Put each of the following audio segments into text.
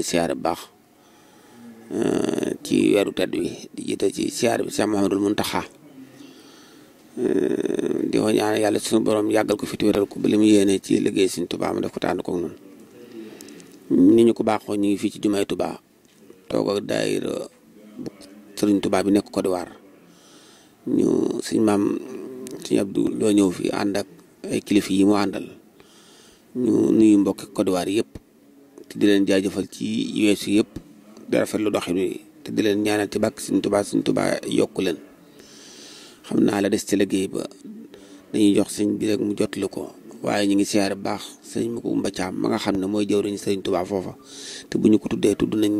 di siyaare bu baax eh, ci weeru tedd wi di jiite ci siyaare bi Cheikh Mouhamadul Mountakha eh, di ko ñaan yàlla suñu borom yàggal ko fi te wéral ko ba mu yéene ci liggéey suñ Touba mu def ni ñu ko baaxoo ñu ngi ci jumaay Touba toog ak daayira bi nekk Côte d'Ivoire ñu suñ maam suñ Abdou loo ñëw fi ànd ak ay kilifa ñu nuyu mbokki Côte d'Ivoire te di leen jaajëfal ci weesu yëpp di rafetlu doxin wi te di leen ñaanal ci bàkk tubaa Tuubaa Sëñ Tuubaa yokk leen xam naa la des ci liggéey ba dañuy jox sëñ bi rek mu jotlu ko waaye ñu ngi seer baax sëñ ma ko mbacaam ma nga xam ne mooy jëwriñ Sëriñ Tuubaa foofa te bu ñu ko tuddee tudd nañ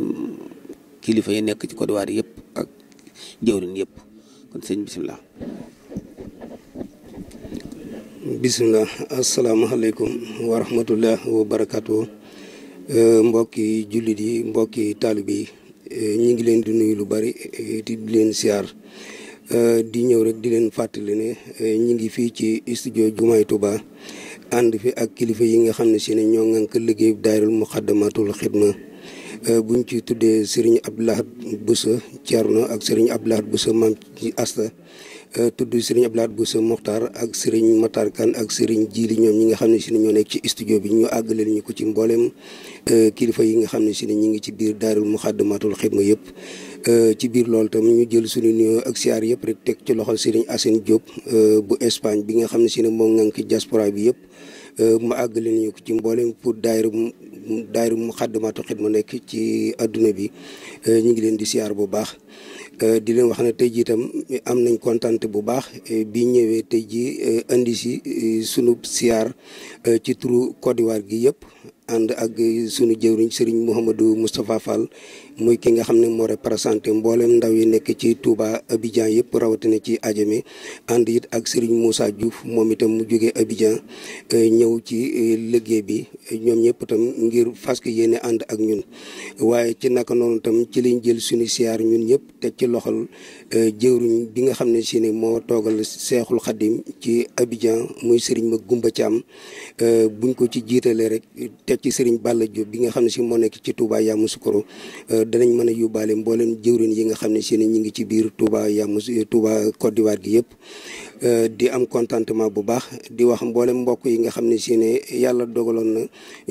kilifa yi nekk ci Côte d'Ivoire yëpp ak jëwriñ yépp kon sëñ bisimilah bisimilah asalaamaaleykum wa rahmatullah wa barakatuh Euh, mbokki jullit yi mbokki taalib yi euh, ñu ngi leen di nuyu lu bari euh, di leen siyaar di ñëw rek di leen fàttali ne ñu ngi fii ci studio Jumaay Touba ànd fi ak kilifa yi nga xam ne si ne ñoo ngànk liggéey daayirul muqaddamatul xidma Euh, bu ñu ci tuddee sëriñ Abdou Lahad Bousso Thierno ak sëriñ Abdou Lahad Bousso maam ci asta euh, tudd sëriñ Abdou bu Bousso Mokhtar ak sëriñ Matar Kane ak sëriñ Jili ñoom ñi nga xam ne si ñoo nekk ci studio bi ñu àggaleel ñu ko ci mboolem euh, kilifa yi nga xam ne si ne ñu ngi ci biir daarul Muxaddamatul Xidma yëpp ci biir loolu tam ñu jël suñu nuyoo ak siyaar yëpp rek teg ci loxol sëriñ Assane Diop bu Espagne bi nga xam ne si ne moom nga ngi diaspora bi yëpp Euh, mu àggale ñu ko ci mboolem pour daayira daayira mu xaddamaatu mu nekk ci adduna bi euh, ñu ngi leen di siyaar bu baax euh, di leen wax ne tey jii itam am nañ kontante bu baax bi ñëwee tey jii indi si sunu siyaar ci turu Côte gi yëpp ànd ak sunu jëwriñ sëriñ Mouhamadou Moustapha Fall muy ki nga xam ne moo représenté mboolem ndaw yi nekk ci Touba Abidjan yëpp rawatina ci Adjamé ànd it ak sëriñ Moussa Diouf moom itam mu jógee Abidjan e, ñëw ci e, liggéey bi e, ñoom ñëpp tam ngir fas yéene ànd ak ñun waaye ci naka noonu tam ci liñ jël sunu siyaar ñun ñëpp teg ci loxol jëwriñ bi nga xam ne si ne moo toogal Seexul Xadim ci Abidjan muy sëriñ ma Gumba Thiam buñ ko ci jiitalee rek ci Serigne la Diop bi nga xam ne si moo nekk ci Touba Yamoussoukro euh, danañ mën a yóbbaale mbooleem jëwrin yi nga xam ne si ne ñu ngi ci biir Touba Yamous euh, Touba Côte d'Ivoire gi yëpp euh, di am contentement bu baax di wax mboolem mbokk yi nga xam ne si ne yàlla dogaloon na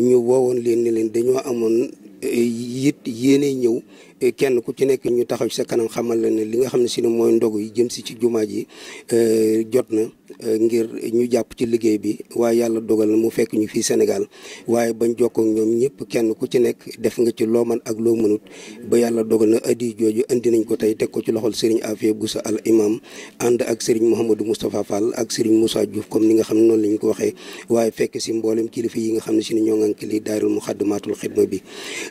ñu woowoon leen leen dañoo amoon it yéene ñëw e, kenn ku ci nekk ñu taxaw ci sa kanam xamal la ne li nga xam ne si ne mooy ndogu yi jëm si ci jumaa ji e, jot na e, ngir ñu jàpp ci liggéey bi waaye yàlla dogal na mu fekk ñu fii Sénégal waaye bañ jokkoo ak ñoom ñëpp kenn ku ci nekk def nga ci loo man ak loo mënut ba yàlla dogal na addi jooju indi nañ ko tey teg ko ci loxol Serigne Afia Boussa al imam and ak Serigne Mouhamadou Moustapha Fall ak Serigne Moussa Diouf comme ni nga xam ne noonu lañ ko waxee waaye fekk si mboolem kilifa yi nga xam ne si ne ñoo ngank li daayirul muxaddamaatul xidma bi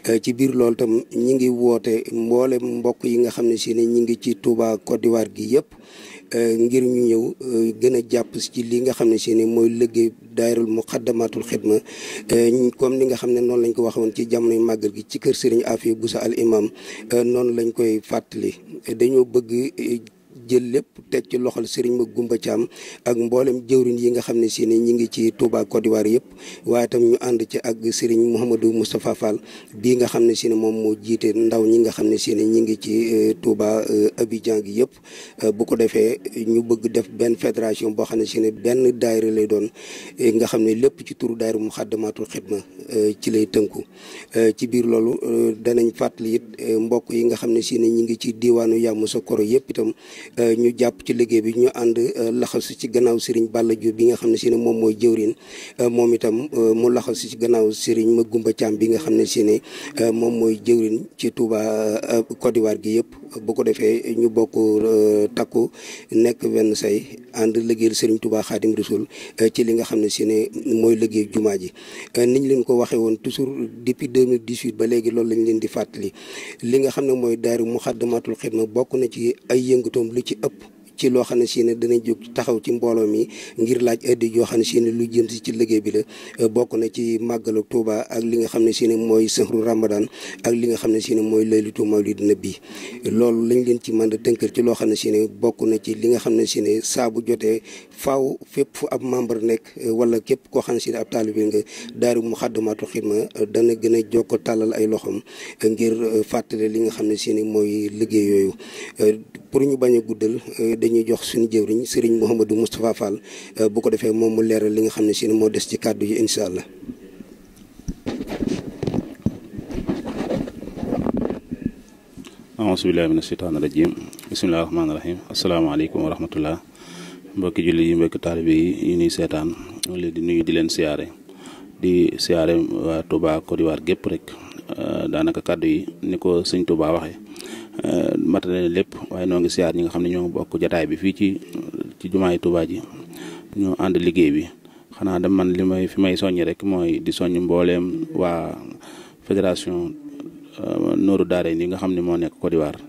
Euh, ci biir loolu tam ñi ngi woote mboole mbokk yi nga xam ne si ne ñi ngi ci Touba Côte d'Ivoire gi yëpp euh, ngir ñu ñëw euh, gën a jàpp ci li nga xam ne si ne mooy liggéey daayirul muqaddamatul xidma comme ni nga xam ne noonu lañ ko waxoon ci jamonoy màggal gi ci kër Serigne Afia Boussa al imam noonu lañ koy fàttali dañoo bëgg jël lépp teg ci loxol sëriñ ma gumba Thiam ak mboolem jëwriñ yi nga xam ne si ne ñi ngi ci Touba Côte d'Ivoire yëpp waaye tam ñu ànd ci ak sëriñ Mouhamadou Moustapha Fall bii nga xam ne si moom moo jiite ndaw ñi nga xam ne si ne ñi ngi ci euh, Touba euh, Abidjan gi yëpp euh, bu ko defee ñu bëgg def benn fédération boo xam ne si ne benn daayira lay doon nga xam ne lépp ci turu daayira mu xaddamaatul xidma ci lay tënku ci biir loolu danañ fàttali it mbokk yi nga xam ne si ne ngi ci diwaanu Yamoussoukro yëpp itam Euh, ñu jàpp ci liggéey bi ñu ànd euh, laxasu ci gannaaw sëriñ Balla Diop bi nga xam ne si ne moom mooy jëwriñ euh, moom itam mu laxasu ci gannaaw sëriñ Magumba Thiam bi nga xam ne si ne moom mooy jëwriñ ci Touba Côte gi yëpp boo ko defee ñu bokk euh, takku nekk wenn say ànd liggéeyal Serigne Touba Khadim Rasoul euh, ci li nga xam ne si ne mooy liggéey jumaa ji euh, ñu leen ko waxee woon toujours depuis 2018 ba léegi loolu lañ leen di fàttali li nga xam ne mooy daaru xet Xidma bokk na ci ay yëngatoom lu ci ëpp ci loo xam ne si ne danañ jóg taxaw ci mbooloo mi ngir laaj addi yoo xam ne si ne lu jëm ci liggéey bi la euh, bokk na ci màggalu Touba ak li nga xam ne si mooy sëxru Ramadan ak li nga xam ne si ne mooy laylatul mawlid nabi loolu lañ leen ci mën a tënkal ci loo xam ne si bokk na ci li nga xam ne si ne jotee faaw fépp fu ab membre nekk euh, wala képp koo xam ne si ne ab taalibe nga daaru Muxaddamatul Xidma euh, dana gën a jokko tàllal ay loxoom ngir fàttali li nga xam ne si mooy liggéey yooyu pour ñu bañ a guddal euh, dañuy jox suñu jëwriñ sëriñ Mouhamadou Moustapha Fall euh, bu ko defee moom mu leeral li nga xam ne si moo des ci kàddu yi incha allah. aùzu billaahi mina sheytaani rajiim bismillaahi rahmaani rahiim asalaamaaleykum wa rahmatullah mbokki julli yi mbokki taalibe yi ñuy seetaan ñu di nuyu di leen siyaare di siyaare waa Touba Côte gépp rek euh, daanaka kàddu yi ni ko sëñ Touba waxee. Euh, matale lépp waaye noo ngi siyaar ñi nga xam ne ñoo bokk jataay bi fii ci ci jumaay Tuubaa ji ñoo ànd liggéey bi xanaa dem man li may fi may soññ rek mooy di soññ mbooleem waa fédération euh, nooru daare ni nga xam ne moo nekk Côte d'Ivoire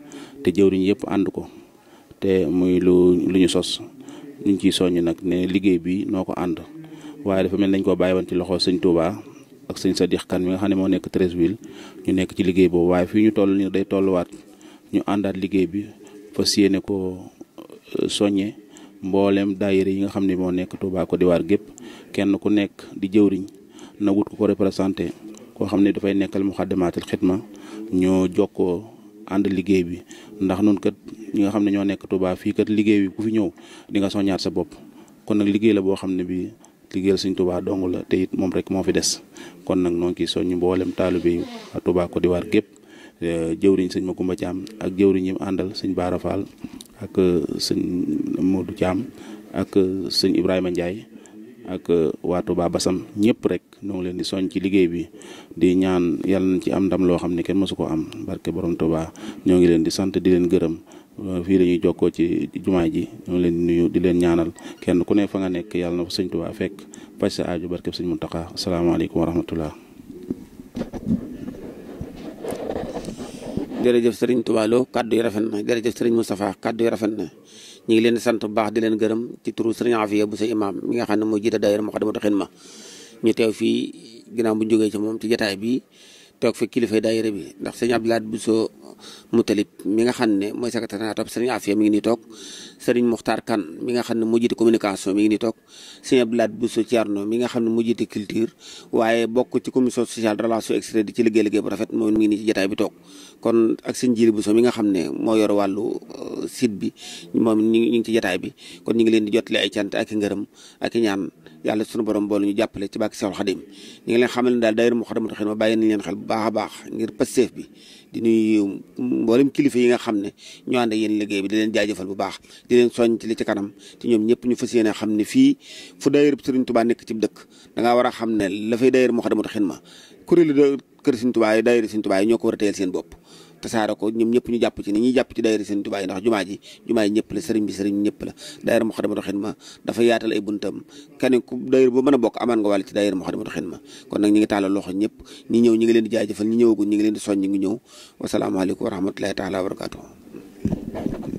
te jëwriñ yëpp ànd ko te muy lu lu ñu sos ñu ngi ciy soññ nag ne liggéey bi noo ko ànd waaye dafa mel nañ koo bàyyi woon ci loxo sëñ Tuubaa ak sëñ Sadikh Kan mi nga xam ne moo nekk tres Treichville ñu nekk ci liggéey boobu waaye ñu toll nii day tolluwaat ñu àndaat liggéey bi fa fas ne ko euh, soññe mboolem daayira yi nga xam ne moo nekk Touba Côte d'Ivoire gépp kenn ku nekk di jëwriñ na ko ku ko représenté koo xam ne dafay nekkal Moukhaddamatoul Khidma ñoo jokkoo ànd liggéey bi ndax nun kat ñi nga xam ne ñoo nekk Touba fii kat liggéey bi ku fi ñëw di nga soññaat sa bopp kon nag liggéey la boo xam ne bi liggéeyal suñ tubaa dong la te it moom rek moo fi des kon nag noo ngi ciy mbooleem taalu bi yi Touba Côte gépp Eh, jëwriñ sëñ Makumba Thiam ak jëwriñ yi mu àndal sëñ Baara Fall ak eh, sëñ Modou Thiam ak eh, sëñ Ibrahima Ndiaye ak waa Touba Bassam ñëpp rek ñoo ngi leen di soñ ci liggéey bi di ñaan yàlla nañ ci am ndam loo xam ne kenn mësu ko am barke borom Touba ñoo ngi leen di sant di leen gërëm fii la ñuy jokkoo ci jumaa ji ñoo ngi leen di nuyu di leen ñaanal kenn ku ne fa nga nekk yàlla na fa sëñ Touba fekk faj sa aaju barke sëñ Mountakha asalaamaaleykum wa rahmatullah jërëjëf sëriñ Touba Lo kaddu yi rafet na jërëjëf sëriñ Moustapha kaddu yi rafet na ñu ngi leen sant bu baax di leen gërëm ci turu sëriñ Afia bu sa imaam mi nga xam ne moo jiite daayira Moukhaddamatoul Khidma ñu teew fii ginnaaw bu ñu jógee ci moom ci jotaay bi toog fi kilifay daayira bi ndax ab sëñ Abdoulaye Bousso Moutalib mi nga xam ne mooy secrétaire national sëriñ Afia mi ngi nii toog sëriñ Muxtaar Kan mi nga xam ne moo communication mi ngi nii toog sëñ Abdoulaye Bousso Thierno mi nga xam ne moo jiite culture waaye bokk ci commission sociale relation extérieure di ci liggéey liggéey bu rafet ngi nii ci jotaay bi toog kon ak sëñ Jiri Bousso mi nga xam ne moo yor wàllu euh, site bi moom ñu ngi ci jataay bi kon ñu ngi leen di jottali ay cant ak i ngërëm ak i ñaan yàlla sunu borom boolu ñu jàppalee ci baak Seexul Xadim ñu ngi leen xamal ne daal daayira Muxaddamatul Xidma bàyyi nañ leen xel bu baax di nuyu mboolem kilifa yi nga xam ne ñoo ànd ak yéen liggéey bi di leen jaajëfal bu baax di leen soññ ci li ci kanam ci ñoom ñëpp ñu fas yéene xam ne fii fu daayira Sëriñ Tuubaa nekk ci dëkk da ngaa war a xam ne la fay daayira Muxaddamatul Xidma kuréelu kër Sëriñ Tuubaa yi daayira Sëriñ Tuubaa yi ñoo ko war a teyel seen bopp tasaara ko ñoom ñëpp ñu jàpp ci ni ñuy jàpp ci daayira sëriñ Tuubaa yi ndax jumaa ji jumaa yi ñëpp la sëriñ bi sëriñ ñëpp la daayira Moukhaddamatoul Khidma dafa yaatal ay buntam kenn ku daayira ba mën a bokk amaan nga wàll ci daayira Moukhaddamatoul Khidma kon nag ñi ngi loxo ñëpp ñi ñëw ñi ngi leen di jaajëfal ñi ñëwagul ñi ngi leen di soññ ñi ngi ñëw wasalaamaaleykum wa rahmatulahi taala wa